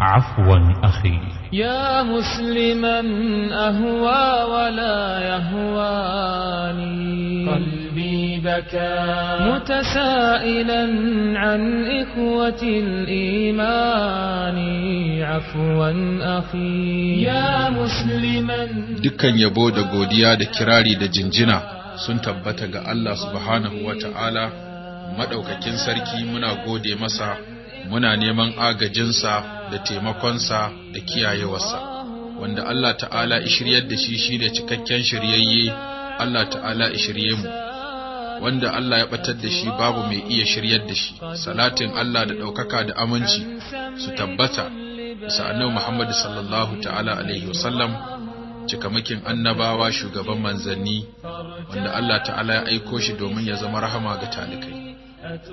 عفوا أخي يا مسلما أهوى ولا يهواني قلبي بكى متسائلا عن إخوة الإيمان عفوا أخي يا مسلما دكا يبود قوديا دكراري دجنجنا بتقى الله سبحانه وتعالى كي منا قودي مسا منا نيمان آقا جنسا da taimakonsa da kiyayewarsa wanda Allah ta'ala shiryar da shi shi da cikakken shiryayye Allah ta'ala shirye mu wanda Allah ya batar da shi babu mai iya shiryar da shi salatin Allah da ɗaukaka da aminci su tabbata bisa annabi Muhammad sallallahu ta'ala alaihi wasallam cikamakin annabawa shugaban manzanni wanda Allah ta'ala ya aiko shi domin ya zama rahama ga talikai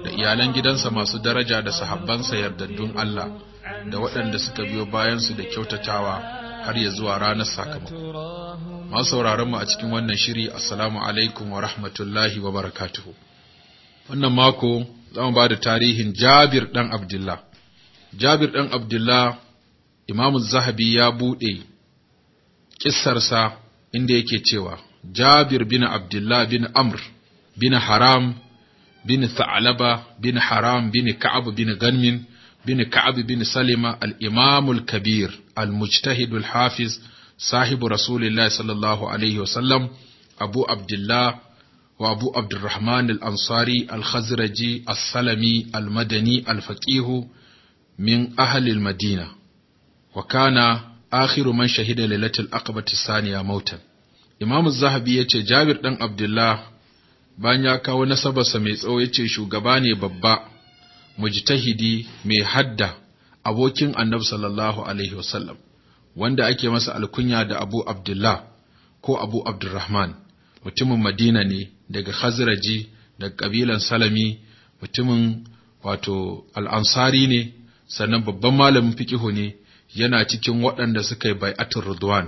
da iyalan gidansa masu daraja da sahabbansa yardaddun Allah da waɗanda suka biyo bayansu da kyautatawa har ya zuwa ranar sakamako. Masu sauraron mu a cikin wannan shiri Assalamu alaikum wa rahmatullahi wa barakatuhu. Wannan mako za mu ba da tarihin Jabir ɗan Abdullah. Jabir ɗan Abdullah Imamu Zahabi ya buɗe ƙissarsa inda yake cewa Jabir bin Abdullah bin Amr bin Haram bin Tha'alaba bin Haram bin Ka'ab bin Ganmin bin Ka'ab bin Salima al-Imam al-Kabir al-Mujtahid hafiz sahibu Rasulillah sallallahu alaihi Abu Abdullah wa Abu Abdurrahman al-Ansari al-Khazraji al-Salami al-Madani al-Faqih min ahli al-Madina wa kana akhiru man shahida lailatul aqabati saniya mautan Imam Zahabi yace Jabir ɗan Abdullah bayan ya kawo nasabarsa mai tsawo yace shugaba ne babba mujtahidi mai hadda abokin annabi sallallahu alaihi wasallam wanda ake masa alkunya da abu abdullah ko abu abdurrahman mutumin madina ne daga khazraji daga kabilan salami mutumin wato al'ansari ne sannan babban malamin fikihu ne yana cikin waɗanda suka yi bai'atul ridwan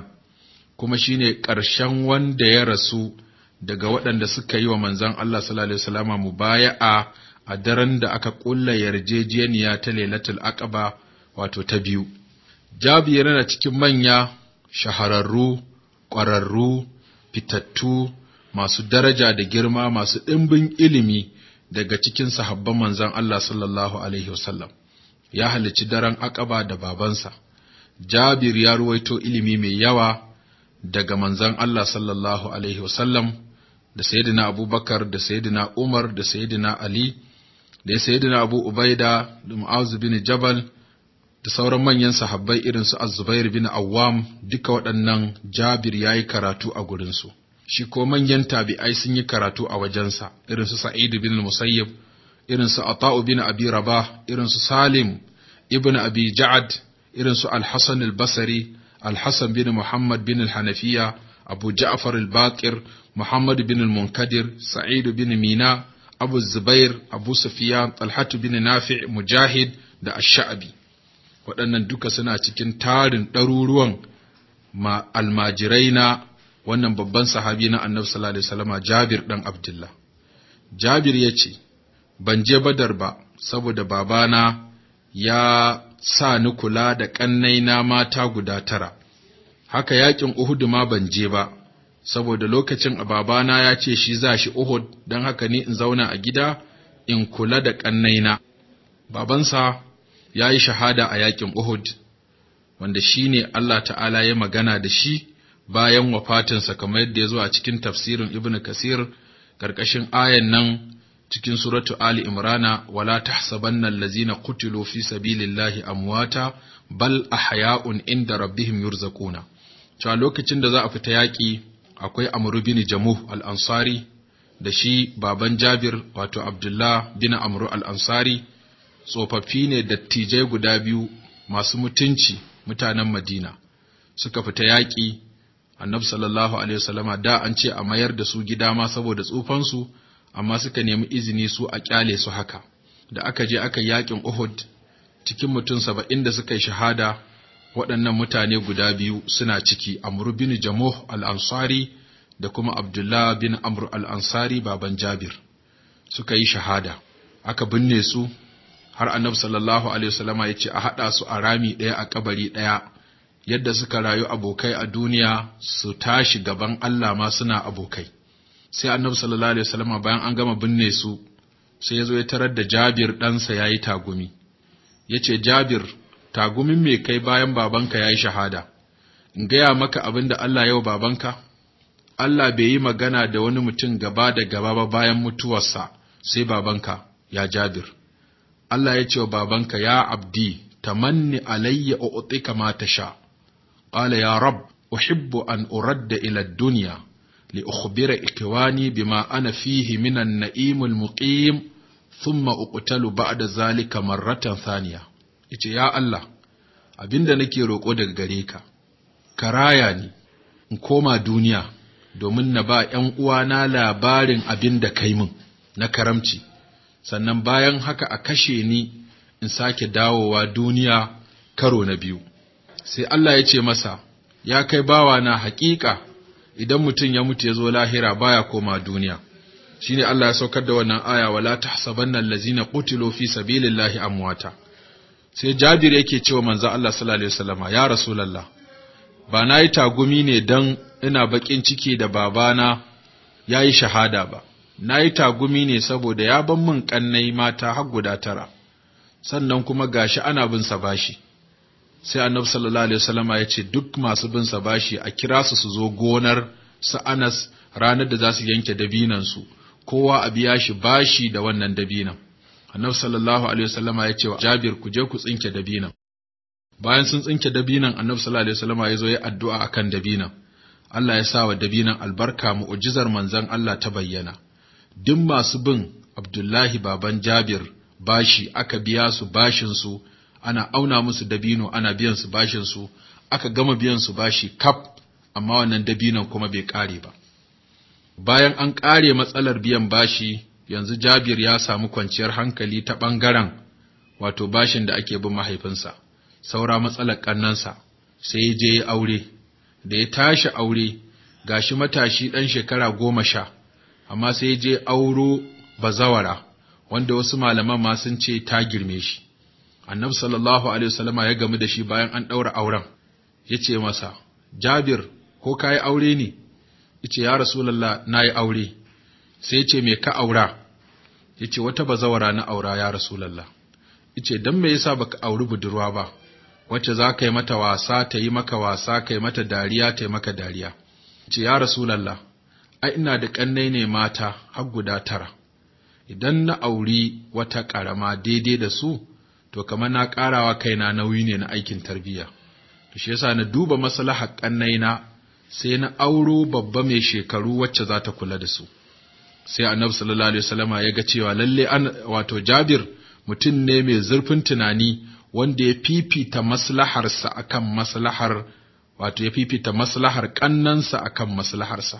kuma shine ƙarshen wanda ya rasu daga waɗanda suka yi wa manzon Allah sallallahu alaihi wasallama mubaya'a a daren da aka ƙulla yarjejeniya ta Lailatul Aqaba wato ta biyu. Jabir yana cikin manya shahararru, ƙwararru, fitattu, masu daraja da girma, masu ɗimbin ilimi daga cikin sahabban manzon Allah sallallahu alaihi wasallam. Ya halici daren Aqaba da babansa. Jabir ya ruwaito ilimi mai yawa daga manzon Allah sallallahu alaihi wasallam da Sayyidina Abubakar da Sayyidina Umar da Sayyidina Ali da ya sayyidina Abu Ubaida da Mu'az bin Jabal da sauran manyan sahabbai irin su az bin Awwam duka waɗannan Jabir ya yi karatu a gurinsu shi ko manyan tabi'ai sun yi karatu a wajensa irin su Sa'id bin Musayyib irin su Ata'u bin Abi Rabah irin su Salim ibn Abi Ja'ad irin su Al-Hasan al-Basri Al-Hasan bin Muhammad bin Al-Hanafiya Abu Ja'far al-Baqir Muhammad bin Al-Munkadir Sa'idu bin Mina abu zubair abu sufiyan talhatu bin nafi mujahid da ash-sha'bi waɗannan duka suna cikin tarin ɗaruruwan almajirai na wannan babban sahabi na annabi sallallahu alaihi wasallam jabir dan abdullah jabir ya ce ban je badar ba saboda babana ya sa ni kula da na mata guda tara haka yaƙin Uhud ma ban je ba saboda lokacin babana ya ce shi za shi Uhud don haka ni in zauna a gida in kula da ƙannaina. Babansa ya yi shahada a yaƙin Uhud, wanda shi ne Allah ta'ala ya magana da shi bayan wafatinsa kamar yadda ya zo a cikin tafsirin Ibn Kasir ƙarƙashin ayan nan cikin suratu Ali Imrana wala tahsabanna Lazina, qutilu fi sabilillahi amwata bal ahya'un inda rabbihim yurzaquna. Cewa lokacin da za a fita yaƙi akwai amru bin jamuh al-ansari da shi baban jabir wato abdullah bin amru al-ansari tsofaffi ne dattijai guda biyu masu mutunci mutanen madina suka fita yaƙi annabi sallallahu alaihi wasallama da an ce a mayar da su gida ma saboda tsufansu amma suka nemi izini su a kyale su haka da aka je aka yaƙin uhud cikin mutum saba'in da suka yi shahada waɗannan mutane guda biyu suna ciki amru bin jamuh al-ansari da kuma abdullah bin amru al-ansari baban jabir suka yi shahada aka binne su har annabi sallallahu alaihi wasallama ya ce a haɗa su a rami ɗaya a kabari ɗaya yadda suka rayu abokai a duniya su tashi gaban Allah ma suna abokai sai annabi sallallahu alaihi wasallama bayan an gama binne su sai ya zo ya tarar da jabir ɗansa ya yi tagumi yace jabir tagumin me kai bayan babanka ya yi shahada, in gaya maka abin da Allah yau babanka? Allah bai yi magana da wani mutum gaba da gaba ba bayan mutuwarsa sai babanka ya jabir. Allah ya ce wa babanka ya abdi, tamanni alayya u'tika ma sha." Qala ya rab, uhibbu an uradda ila duniya li ukhbira ikwani bima ana fihi minan na'imul muqim thumma uqtalu ba'da zalika marratan thaniya. yace ya Allah abinda nake roƙo daga gare ka ka raya ni in koma duniya domin na ba ‘yan uwana labarin abin da kai min na karamci sannan bayan haka a kashe ni in sake dawowa duniya karo na biyu sai Allah ya ce masa ya kai bawa na haƙiƙa idan mutum ya mutu ya zo lahira baya koma duniya Shi ne Allah ya saukar da wannan aya wala tahsabanna allazina qutilu fi sabilillahi amwata sai jabir yake cewa manzo Allah sallallahu alaihi wasallama ya rasulullah ba nayi tagumi ne dan ina bakin ciki da babana yayi shahada ba nayi tagumi ne saboda ya ban mun kannai mata har guda tara sannan kuma gashi ana bin sa bashi sai annabi sallallahu alaihi wasallama ya ce duk masu bin sa bashi a kira su su zo gonar su Anas ranar da za su yanke dabinan su kowa a biya shi bashi da wannan dabinan Annabi sallallahu alaihi wasallama ya ce wa Jabir ku je ku tsinke dabinan. Bayan sun tsinke dabinan Annabi sallallahu alaihi wasallama ya zo ya addu'a akan dabinan. Allah ya sa wa dabinan albarka mu'ujizar manzon Allah ta bayyana. Duk masu bin Abdullahi baban Jabir bashi aka biya su bashin su ana auna musu dabino ana biyan su bashin su aka gama biyan su bashi kaf amma wannan dabinan kuma bai kare ba. Bayan an kare matsalar biyan bashi yanzu Jabir ya samu kwanciyar hankali ta ɓangaren wato bashin da ake bin mahaifinsa, saura matsalar ƙannansa, sai ya je ya aure, da ya tashi aure ga shi matashi ɗan shekara goma sha, amma sai ya je auro bazawara, wanda wasu malaman ma sun ce ta girme shi. Annabi sallallahu Alaihi wasallama ya gamu da shi bayan an ɗaura auren, ya ce masa, Jabir, ko ka yi aure ne? Ice, ya Rasulallah, na yi aure. sai ce me ka aura yace wata bazawara na aura ya rasulullah yace dan me yasa baka auri budurwa ba wacce za ka yi mata wasa ta yi maka wasa kai mata dariya ta yi maka dariya ce ya rasulallah ai ina da kannai ne mata har guda tara idan na auri wata ƙarama daidai da su to kamar na karawa kaina nauyi ne na aikin tarbiyya to shi yasa na duba maslahar kannai na sai na auro babba mai shekaru wacce za ta kula da su sai annabi sallallahu alaihi wasallama ya ga cewa lalle an wato Jabir mutum ne mai zurfin tunani wanda ya fifita maslaharsa akan maslahar wato ya fifita maslahar kannansa akan maslaharsa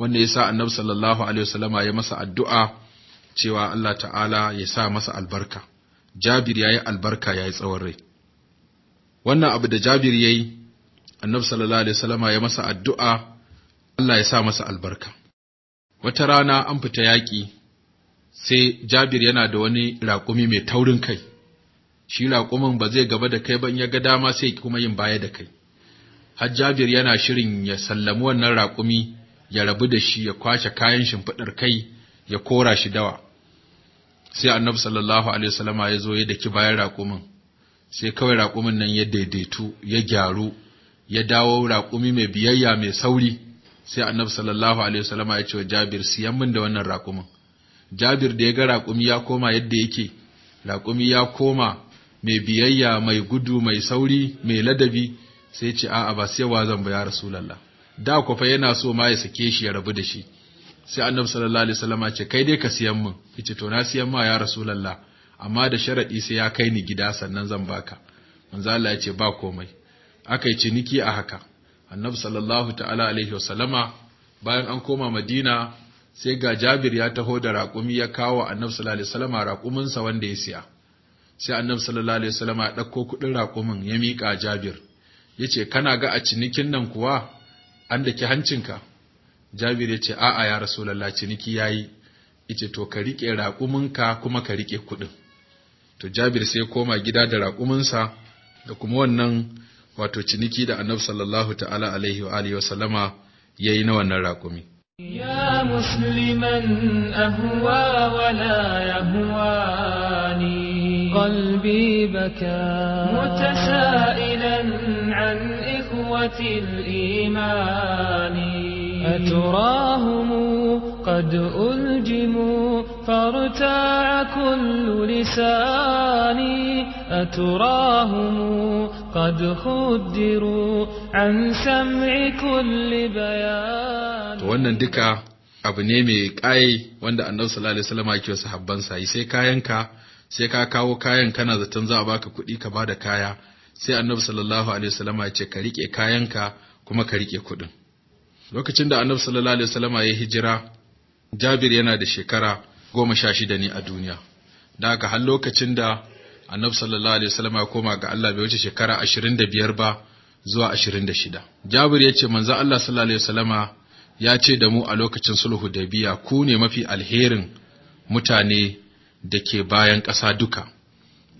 wanda sa annabi sallallahu alaihi wasallama ya masa addu'a cewa Allah ta'ala ya sa masa albarka Jabir ya yi albarka ya yi tsawon rai wannan abu da Jabir ya yi annabi sallallahu alaihi wasallama ya masa addu'a Allah ya sa masa albarka wata rana an fita yaƙi sai Jabir yana da wani raƙumi mai taurin kai shi raƙumin ba zai gaba da kai ba in ya ga dama sai kuma yin baya da kai har Jabir yana shirin ya sallami wannan raƙumi ya rabu da shi ya kwashe kayan shimfiɗar kai ya kora shi dawa sai annabi sallallahu alaihi wasallama ya zo ya daki bayan raƙumin sai kawai raƙumin nan ya daidaitu ya gyaru ya dawo raƙumi mai biyayya mai sauri sai annabi sallallahu alaihi wasallam ya ce wa Jabir siyan min da wannan raƙumin Jabir da ya ga raƙumi ya koma yadda yake raƙumi ya koma mai biyayya mai gudu mai sauri mai ladabi sai ce a'a ba sai wa zan ba ya rasulullah da ku fa yana so ma ya sake shi ya rabu da shi sai annabi sallallahu alaihi wasallam ya ce kai dai ka siyan min yace to na siyan ma ya rasulullah amma da sharadi sai ya kai ni gida sannan zan baka manzo Allah ya ce ba komai aka yi ciniki a haka annabi sallallahu ta'ala alaihi wasallama bayan an koma madina sai ga jabir ya taho da raƙumi ya kawo annabi sallallahu alaihi wasallama raƙuminsa wanda ya siya sai annabi sallallahu alaihi wasallama ya ɗauko kuɗin raƙumin ya miƙa jabir ya ce kana ga a cinikin nan kuwa an hancin hancinka jabir ya ce a'a ya rasulallah ciniki ya yi ice to ka riƙe raƙuminka kuma ka riƙe kuɗin to jabir sai ya koma gida da raƙuminsa da kuma wannan wato ciniki da annabi sallallahu ta'ala alaihi wa alihi wa sallama yayi na wannan raƙumi ya musliman ahwa wa la yahwani qalbi baka mutasailan an ikhwati al-iman aturahum qad uljimu فارتاع كل لساني أتراهم قد خدروا عن سمع كل بيان wannan duka abu ne mai ƙaye wanda annabi sallallahu alaihi wasallam yake wasu habban sai sai kayanka sai ka kawo kayan kana zaton za a baka kuɗi ka bada kaya sai annabi sallallahu alaihi wasallam ya ce ka rike kayanka kuma ka rike kuɗin lokacin da annabi sallallahu alaihi wasallam ya hijira Jabir yana da shekara goma sha shida ne a duniya da haka har lokacin da annabi sallallahu alaihi wasallam ya koma ga Allah bai wuce shekara 25 ba zuwa 26 jabir ya ce manzo Allah sallallahu alaihi wasallam ya ce da mu a lokacin sulhu da ku ne mafi alherin mutane da ke bayan ƙasa duka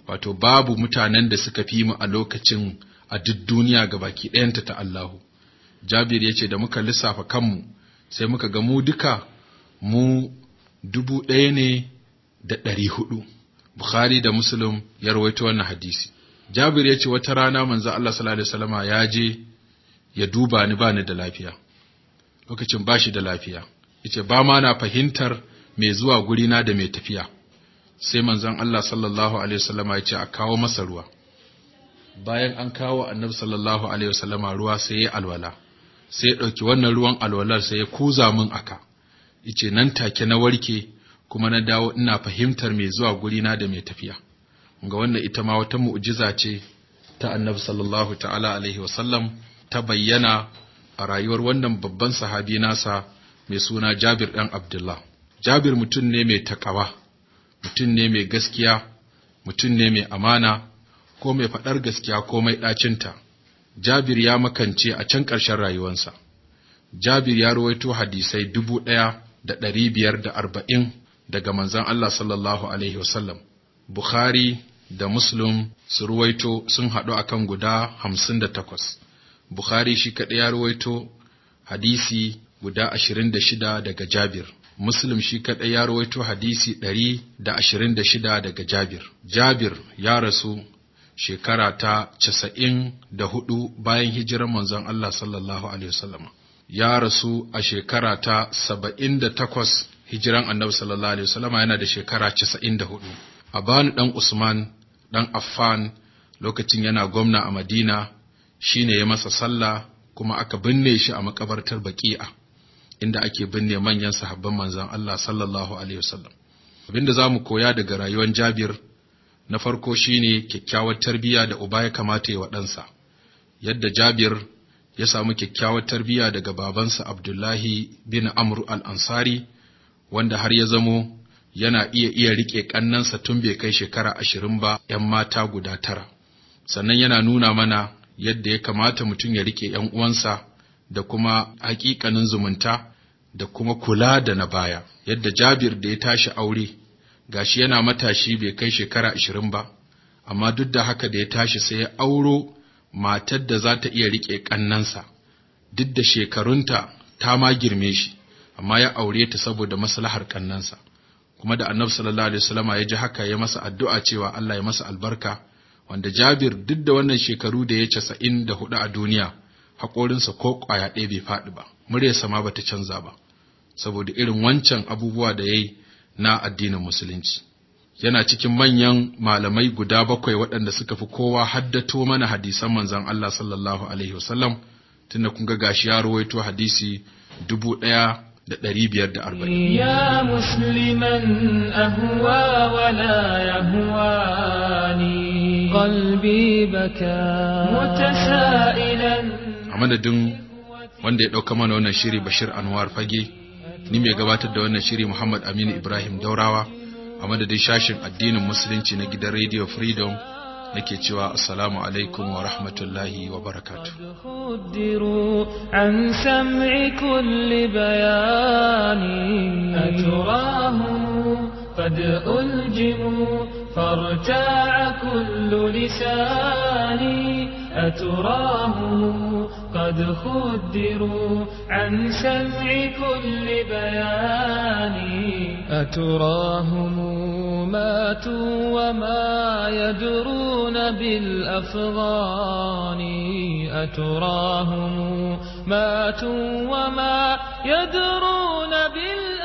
wato babu mutanen da suka fi mu a lokacin a duk duniya ga baki ɗayanta ta Allahu jabir yace ce da muka lissafa kanmu sai muka ga mu duka mu dubu ɗaya ne da ɗari hudu Bukhari da Muslim ya rawaito wannan hadisi. Jabir ya ce wata rana manzo Allah sallallahu alaihi wasallama ya je ya duba ni ba ni da lafiya. Lokacin ba shi da lafiya. Yace ba ma na fahimtar mai zuwa guri na da mai tafiya. Sai manzon Allah sallallahu alaihi wasallama ya ce a kawo masa ruwa. Bayan an kawo Annabi sallallahu alaihi wasallama ruwa sai ya alwala. Sai ya ɗauki wannan ruwan alwalar sai ya kuza min aka. Yace nan take na warke kuma na dawo ina fahimtar mai zuwa gurina da mai tafiya ga wannan ita ma wata mu'jiza ce ta annabi sallallahu ta'ala alaihi wasallam ta bayyana a rayuwar wannan babban sahabi nasa mai suna jabir ɗan abdullah jabir mutum ne mai takawa mutum ne mai gaskiya mutum ne mai amana ko mai faɗar gaskiya ko mai ɗacinta jabir ya makance a can ƙarshen rayuwarsa jabir ya rawaito hadisai dubu ɗaya da ɗari biyar da arba'in daga manzan Allah sallallahu Alaihi wasallam. Bukhari da Muslim su ruwaito sun haɗu a kan guda hamsin da takwas. Bukhari shi kaɗai ya ruwaito hadisi guda ashirin da shida daga Jabir. Muslim shi kaɗai ya ruwaito hadisi ɗari da ashirin da shida daga Jabir. Jabir ya rasu shekara ta casa'in da hudu bayan hijirar manzon Allah sallallahu Alaihi wasallam. Ya rasu a shekara ta saba'in da takwas hijiran annabi sallallahu alaihi wasallama yana da shekara 94 abanu dan usman dan affan lokacin yana gwamna a madina shine ya masa sallah kuma aka binne shi a makabartar baqi'a inda ake binne manyan sahabban manzon Allah sallallahu alaihi wasallam abinda zamu koya daga rayuwar Jabir na farko shine kyakkyawar tarbiyya da uba ya kamata ya ɗansa. yadda Jabir ya samu kyakkyawar tarbiyya daga babansa Abdullahi bin Amr al-Ansari wanda har ya zamo yana iya iya riƙe ƙannansa tun bai kai shekara ashirin ba ‘yan mata guda tara. Sannan yana nuna mana yadda ya kamata mutum ya riƙe ‘yan uwansa da kuma haƙiƙanin zumunta da kuma kula da na baya. Yadda Jabir da ya tashi aure, ga shi yana matashi bai kai shekara ashirin ba, amma duk da haka da ya tashi sai ya auro matar da za ta iya riƙe ƙannansa, duk da shekarunta ta ma girme shi. amma ya aure ta saboda maslahar kannansa kuma da annabi sallallahu alaihi wasallama ya ji haka ya masa addu'a cewa Allah ya masa albarka wanda Jabir duk da wannan shekaru da ya casa'in da hudu a duniya haƙorinsa ko ƙwaya ɗaya bai faɗi ba muryarsa ma bata canza ba saboda irin wancan abubuwa da ya yi na addinin musulunci yana cikin manyan malamai guda bakwai waɗanda suka fi kowa haddato mana hadisan manzon Allah sallallahu alaihi wasallam tunda kun ga gashi ya rawaito hadisi dubu ɗaya da ɗari biyar da arba'in. Eh. Ya wanda ya ɗauka mana wannan shiri Bashir Anwar Fage ni mai gabatar da wannan shiri Muhammad Aminu Ibrahim Daurawa a madadin shashin addinin musulunci na gidan Radio Freedom nake cewa assalamu alaikum wa rahmatullahi wa barakatuh قد ألجموا فارتاع كل لساني أتراهم قد خدروا عن سمع كل بيان أتراهم ماتوا وما يدرون بالأفغان أتراهم ماتوا وما يدرون بالأفغان